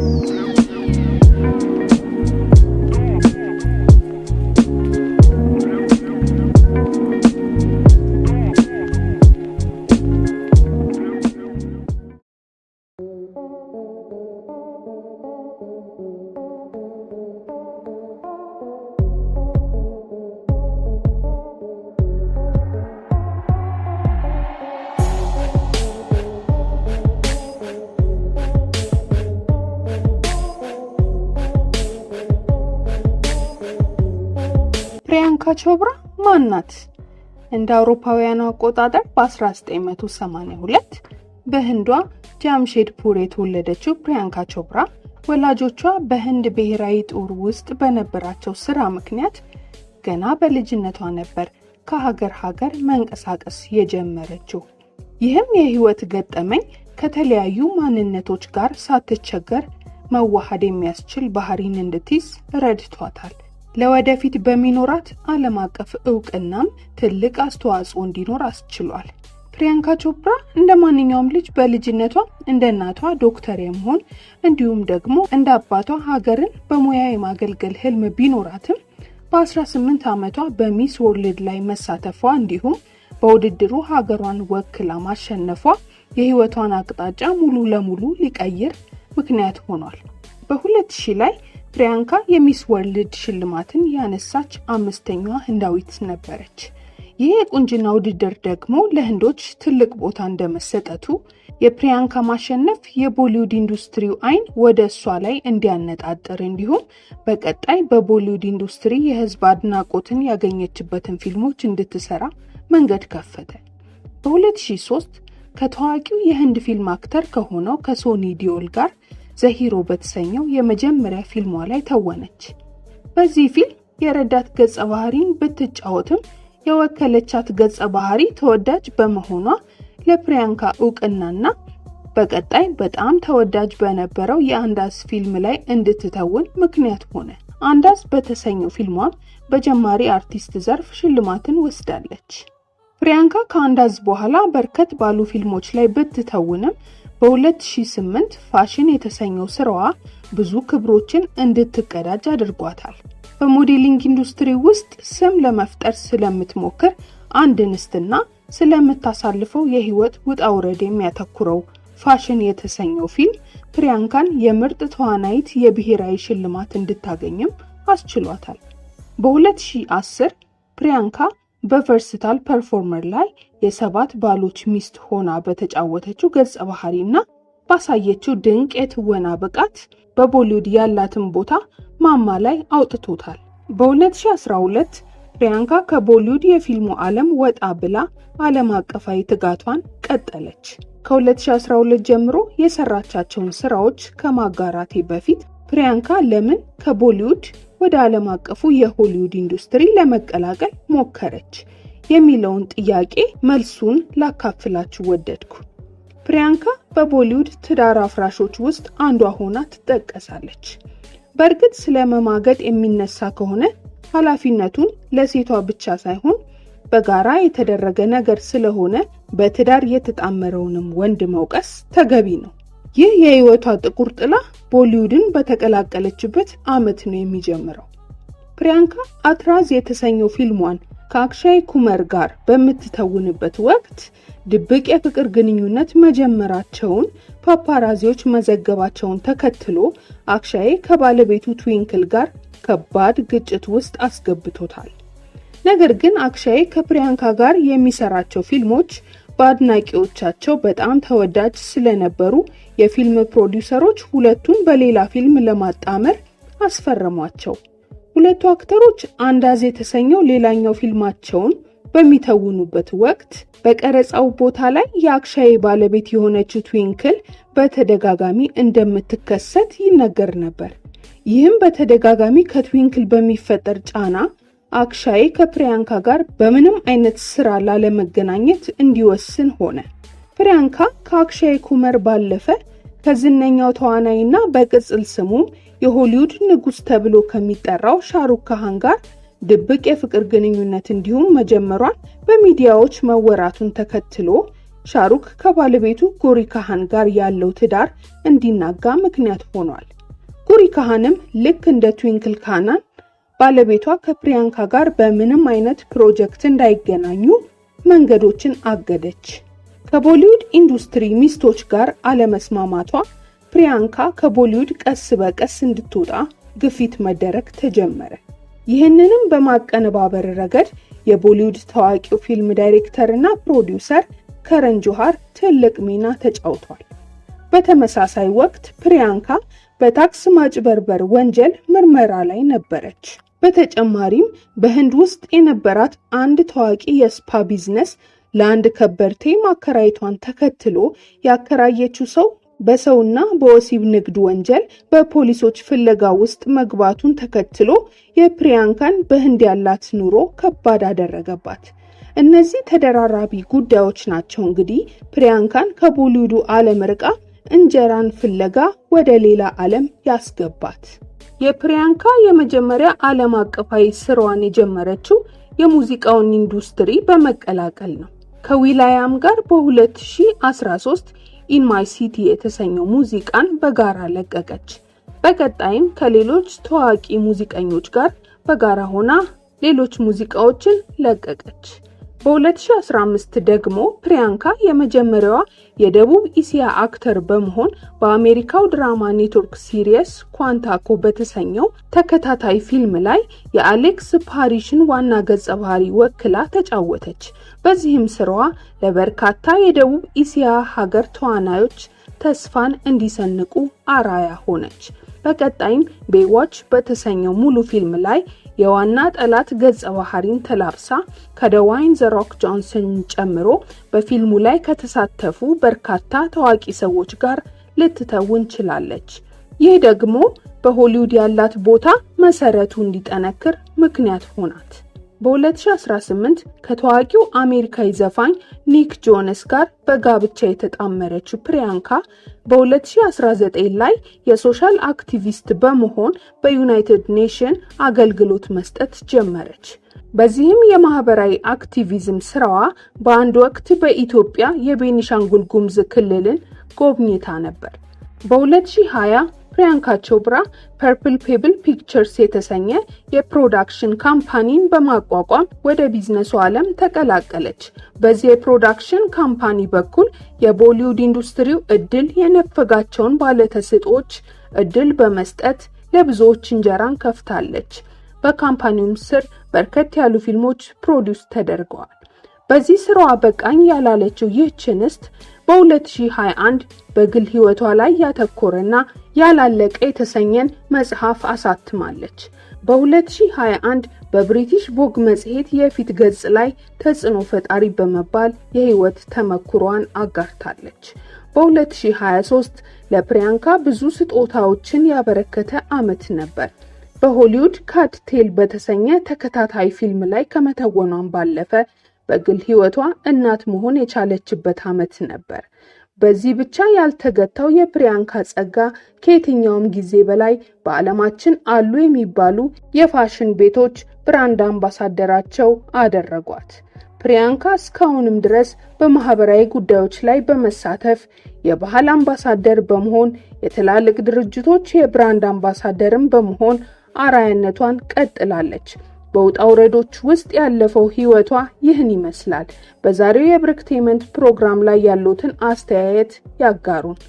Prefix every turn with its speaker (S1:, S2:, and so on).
S1: Thank you. ፕሪያንካ ቾፕራ ማናት? እንደ አውሮፓውያኑ አቆጣጠር በ1982 በህንዷ ጃምሼድፑር የተወለደችው ፕሪያንካ ቾብራ ወላጆቿ በህንድ ብሔራዊ ጦር ውስጥ በነበራቸው ስራ ምክንያት ገና በልጅነቷ ነበር ከሀገር ሀገር መንቀሳቀስ የጀመረችው። ይህም የህይወት ገጠመኝ ከተለያዩ ማንነቶች ጋር ሳትቸገር መዋሃድ የሚያስችል ባህሪን እንድትይዝ ረድቷታል። ለወደፊት በሚኖራት ዓለም አቀፍ እውቅናም ትልቅ አስተዋጽኦ እንዲኖር አስችሏል። ፕሪያንካ ቾፕራ እንደ ማንኛውም ልጅ በልጅነቷ እንደ እናቷ ዶክተር የመሆን እንዲሁም ደግሞ እንደ አባቷ ሀገርን በሙያ የማገልገል ህልም ቢኖራትም በ18 ዓመቷ በሚስ ወርልድ ላይ መሳተፏ እንዲሁም በውድድሩ ሀገሯን ወክላ ማሸነፏ የህይወቷን አቅጣጫ ሙሉ ለሙሉ ሊቀይር ምክንያት ሆኗል። በ2000 ላይ ፕሪያንካ የሚስ ወርልድ ሽልማትን ያነሳች አምስተኛዋ ህንዳዊት ነበረች። ይህ የቁንጅና ውድድር ደግሞ ለህንዶች ትልቅ ቦታ እንደመሰጠቱ የፕሪያንካ ማሸነፍ የቦሊውድ ኢንዱስትሪው አይን ወደ እሷ ላይ እንዲያነጣጥር እንዲሁም በቀጣይ በቦሊውድ ኢንዱስትሪ የህዝብ አድናቆትን ያገኘችበትን ፊልሞች እንድትሰራ መንገድ ከፈተ። በ2003 ከታዋቂው የህንድ ፊልም አክተር ከሆነው ከሶኒ ዲዮል ጋር ዘሂሮ በተሰኘው የመጀመሪያ ፊልሟ ላይ ተወነች። በዚህ ፊልም የረዳት ገጸ ባህሪን ብትጫወትም የወከለቻት ገጸ ባህሪ ተወዳጅ በመሆኗ ለፕሪያንካ እውቅናና በቀጣይ በጣም ተወዳጅ በነበረው የአንዳዝ ፊልም ላይ እንድትተውን ምክንያት ሆነ። አንዳዝ በተሰኘው ፊልሟም በጀማሪ አርቲስት ዘርፍ ሽልማትን ወስዳለች። ፕሪያንካ ከአንዳዝ በኋላ በርከት ባሉ ፊልሞች ላይ ብትተውንም በ2008 ፋሽን የተሰኘው ስራዋ ብዙ ክብሮችን እንድትቀዳጅ አድርጓታል። በሞዴሊንግ ኢንዱስትሪ ውስጥ ስም ለመፍጠር ስለምትሞክር አንድ እንስትና ስለምታሳልፈው የህይወት ውጣ ውረድ የሚያተኩረው ፋሽን የተሰኘው ፊልም ፕሪያንካን የምርጥ ተዋናይት የብሔራዊ ሽልማት እንድታገኝም አስችሏታል። በ2010 ፕሪያንካ በቨርስታል ፐርፎርመር ላይ የሰባት ባሎች ሚስት ሆና በተጫወተችው ገጸ ባህሪ እና ባሳየችው ድንቅ የትወና ብቃት በቦሊውድ ያላትን ቦታ ማማ ላይ አውጥቶታል። በ2012 ፕሪያንካ ከቦሊውድ የፊልሙ ዓለም ወጣ ብላ ዓለም አቀፋዊ ትጋቷን ቀጠለች። ከ2012 ጀምሮ የሰራቻቸውን ስራዎች ከማጋራቴ በፊት ፕሪያንካ ለምን ከቦሊውድ ወደ ዓለም አቀፉ የሆሊውድ ኢንዱስትሪ ለመቀላቀል ሞከረች የሚለውን ጥያቄ መልሱን ላካፍላችሁ ወደድኩ። ፕሪያንካ በቦሊውድ ትዳር አፍራሾች ውስጥ አንዷ ሆና ትጠቀሳለች። በእርግጥ ስለ መማገጥ የሚነሳ ከሆነ ኃላፊነቱን ለሴቷ ብቻ ሳይሆን በጋራ የተደረገ ነገር ስለሆነ በትዳር የተጣመረውንም ወንድ መውቀስ ተገቢ ነው። ይህ የህይወቷ ጥቁር ጥላ ቦሊውድን በተቀላቀለችበት አመት ነው የሚጀምረው። ፕሪያንካ አትራዝ የተሰኘው ፊልሟን ከአክሻይ ኩመር ጋር በምትተውንበት ወቅት ድብቅ የፍቅር ግንኙነት መጀመራቸውን ፓፓራዚዎች መዘገባቸውን ተከትሎ አክሻይ ከባለቤቱ ትዊንክል ጋር ከባድ ግጭት ውስጥ አስገብቶታል። ነገር ግን አክሻይ ከፕሪያንካ ጋር የሚሰራቸው ፊልሞች በአድናቂዎቻቸው በጣም ተወዳጅ ስለነበሩ የፊልም ፕሮዲውሰሮች ሁለቱን በሌላ ፊልም ለማጣመር አስፈረሟቸው። ሁለቱ አክተሮች አንዳዝ የተሰኘው ሌላኛው ፊልማቸውን በሚተውኑበት ወቅት በቀረጻው ቦታ ላይ የአክሻዬ ባለቤት የሆነችው ትዊንክል በተደጋጋሚ እንደምትከሰት ይነገር ነበር። ይህም በተደጋጋሚ ከትዊንክል በሚፈጠር ጫና አክሻይ ከፕሪያንካ ጋር በምንም አይነት ስራ ላለመገናኘት እንዲወስን ሆነ። ፕሪያንካ ከአክሻይ ኩመር ባለፈ ከዝነኛው ተዋናይና በቅጽል ስሙም የሆሊውድ ንጉሥ ተብሎ ከሚጠራው ሻሩክ ካሃን ጋር ድብቅ የፍቅር ግንኙነት እንዲሁም መጀመሯን በሚዲያዎች መወራቱን ተከትሎ ሻሩክ ከባለቤቱ ጎሪ ካሃን ጋር ያለው ትዳር እንዲናጋ ምክንያት ሆኗል። ጎሪ ካሃንም ልክ እንደ ትዊንክል ካናን ባለቤቷ ከፕሪያንካ ጋር በምንም አይነት ፕሮጀክት እንዳይገናኙ መንገዶችን አገደች። ከቦሊውድ ኢንዱስትሪ ሚስቶች ጋር አለመስማማቷ ፕሪያንካ ከቦሊውድ ቀስ በቀስ እንድትወጣ ግፊት መደረግ ተጀመረ። ይህንንም በማቀነባበር ረገድ የቦሊውድ ታዋቂው ፊልም ዳይሬክተር እና ፕሮዲውሰር ከረን ጆሃር ትልቅ ሚና ተጫውቷል። በተመሳሳይ ወቅት ፕሪያንካ በታክስ ማጭበርበር ወንጀል ምርመራ ላይ ነበረች። በተጨማሪም በህንድ ውስጥ የነበራት አንድ ታዋቂ የስፓ ቢዝነስ ለአንድ ከበርቴ ማከራየቷን ተከትሎ ያከራየችው ሰው በሰውና በወሲብ ንግድ ወንጀል በፖሊሶች ፍለጋ ውስጥ መግባቱን ተከትሎ የፕሪያንካን በህንድ ያላት ኑሮ ከባድ አደረገባት። እነዚህ ተደራራቢ ጉዳዮች ናቸው እንግዲህ ፕሪያንካን ከቦሊውዱ ዓለም ርቃ እንጀራን ፍለጋ ወደ ሌላ ዓለም ያስገባት። የፕሪያንካ የመጀመሪያ ዓለም አቀፋዊ ስራዋን የጀመረችው የሙዚቃውን ኢንዱስትሪ በመቀላቀል ነው። ከዊላያም ጋር በ2013 ኢን ማይ ሲቲ የተሰኘው ሙዚቃን በጋራ ለቀቀች። በቀጣይም ከሌሎች ታዋቂ ሙዚቀኞች ጋር በጋራ ሆና ሌሎች ሙዚቃዎችን ለቀቀች። በ2015 ደግሞ ፕሪያንካ የመጀመሪያዋ የደቡብ እስያ አክተር በመሆን በአሜሪካው ድራማ ኔትወርክ ሲሪየስ ኳንታኮ በተሰኘው ተከታታይ ፊልም ላይ የአሌክስ ፓሪሽን ዋና ገጸ ባህሪ ወክላ ተጫወተች። በዚህም ስራዋ ለበርካታ የደቡብ እስያ ሀገር ተዋናዮች ተስፋን እንዲሰንቁ አራያ ሆነች። በቀጣይም ቤዋች በተሰኘው ሙሉ ፊልም ላይ የዋና ጠላት ገጸ ባህሪን ተላብሳ ከደዋይን ዘሮክ ጆንሰን ጨምሮ በፊልሙ ላይ ከተሳተፉ በርካታ ታዋቂ ሰዎች ጋር ልትተውን ችላለች። ይህ ደግሞ በሆሊውድ ያላት ቦታ መሰረቱ እንዲጠነክር ምክንያት ሆናት። በ2018 ከታዋቂው አሜሪካዊ ዘፋኝ ኒክ ጆነስ ጋር በጋብቻ የተጣመረችው ፕሪያንካ በ2019 ላይ የሶሻል አክቲቪስት በመሆን በዩናይትድ ኔሽን አገልግሎት መስጠት ጀመረች። በዚህም የማህበራዊ አክቲቪዝም ስራዋ በአንድ ወቅት በኢትዮጵያ የቤኒሻንጉል ጉሙዝ ክልልን ጎብኝታ ነበር። በ2020 ፕሪያንካ ቾፕራ ፐርፕል ፔብል ፒክቸርስ የተሰኘ የፕሮዳክሽን ካምፓኒን በማቋቋም ወደ ቢዝነሱ ዓለም ተቀላቀለች። በዚህ የፕሮዳክሽን ካምፓኒ በኩል የቦሊውድ ኢንዱስትሪው እድል የነፈጋቸውን ባለተስጦች እድል በመስጠት ለብዙዎች እንጀራን ከፍታለች። በካምፓኒውም ስር በርከት ያሉ ፊልሞች ፕሮዲውስ ተደርገዋል። በዚህ ስራዋ በቃኝ ያላለችው ይህች እንስት በ2021 በግል ህይወቷ ላይ ያተኮረና ያላለቀ የተሰኘን መጽሐፍ አሳትማለች። በ2021 በብሪቲሽ ቮግ መጽሔት የፊት ገጽ ላይ ተጽዕኖ ፈጣሪ በመባል የህይወት ተመክሯን አጋርታለች። በ2023 ለፕሪያንካ ብዙ ስጦታዎችን ያበረከተ ዓመት ነበር። በሆሊውድ ካትቴል በተሰኘ ተከታታይ ፊልም ላይ ከመተወኗን ባለፈ በግል ህይወቷ እናት መሆን የቻለችበት ዓመት ነበር። በዚህ ብቻ ያልተገታው የፕሪያንካ ጸጋ ከየትኛውም ጊዜ በላይ በዓለማችን አሉ የሚባሉ የፋሽን ቤቶች ብራንድ አምባሳደራቸው አደረጓት። ፕሪያንካ እስካሁንም ድረስ በማህበራዊ ጉዳዮች ላይ በመሳተፍ የባህል አምባሳደር በመሆን የትላልቅ ድርጅቶች የብራንድ አምባሳደርም በመሆን አራያነቷን ቀጥላለች። በውጣ ውረዶች ውስጥ ያለፈው ህይወቷ ይህን ይመስላል። በዛሬው የብሩክታይንመንት ፕሮግራም ላይ ያሉትን አስተያየት ያጋሩን።